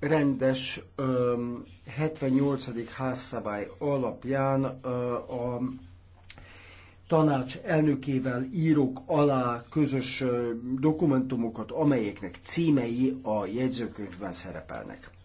rendes 78. házszabály alapján a tanács elnökével írok alá közös dokumentumokat, amelyeknek címei a jegyzőkönyvben szerepelnek.